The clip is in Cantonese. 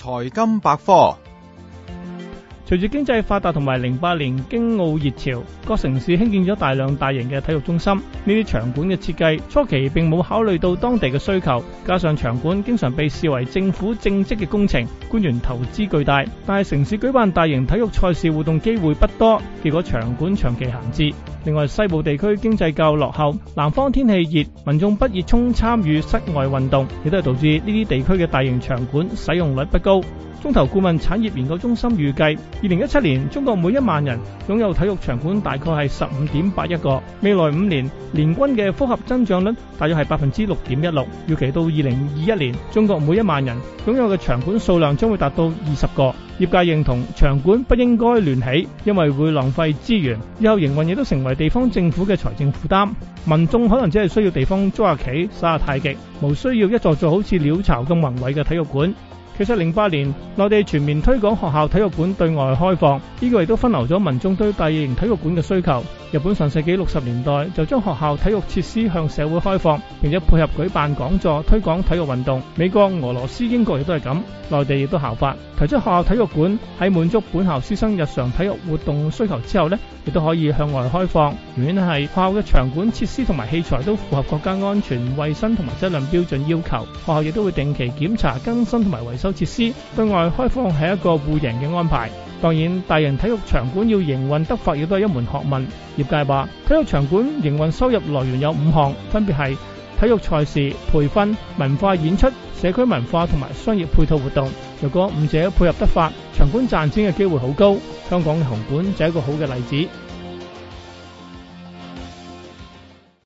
財金百科。隨住經濟發達同埋零八年京奧熱潮，各城市興建咗大量大型嘅體育中心。呢啲場館嘅設計初期並冇考慮到當地嘅需求，加上場館經常被視為政府政績嘅工程，官員投資巨大，但係城市舉辦大型體育賽事活動機會不多，結果場館長期閒置。另外，西部地區經濟較落後，南方天氣熱，民眾不熱衷參與室外運動，亦都係導致呢啲地區嘅大型場館使用率不高。中投顧問產業研究中心預計，二零一七年中國每一萬人擁有體育場館大概係十五點八一個。未來五年，年均嘅複合增長率大約係百分之六點一六。預期到二零二一年，中國每一萬人擁有嘅場館數量將會達到二十個。業界認同場館不應該亂起，因為會浪費資源，以後營運亦都成為。地方政府嘅財政負擔，民眾可能只係需要地方捉下棋，耍下太極，無需要一座座好似鳥巢咁宏偉嘅體育館。其實零八年內地全面推廣學校體育館對外開放，呢個亦都分流咗民眾對大型體育館嘅需求。日本上世紀六十年代就將學校體育設施向社會開放，並且配合舉辦講座推廣體育運動。美國、俄羅斯、英國亦都係咁，內地亦都效法，提出學校體育館喺滿足本校師生日常體育活動需求之後呢，亦都可以向外開放。原因係學校嘅場館設施同埋器材都符合國家安全、衛生同埋質量標準要求。學校亦都會定期檢查、更新同埋維修設施。對外開放係一個互贏嘅安排。當然，大型體育場館要營運得法，亦都係一門學問。業界話，體育場館營運收入來源有五項，分別係體育賽事、培訓、文化演出、社區文化同埋商業配套活動。若果五者配合得法，場館賺錢嘅機會好高。香港嘅紅館就係一個好嘅例子。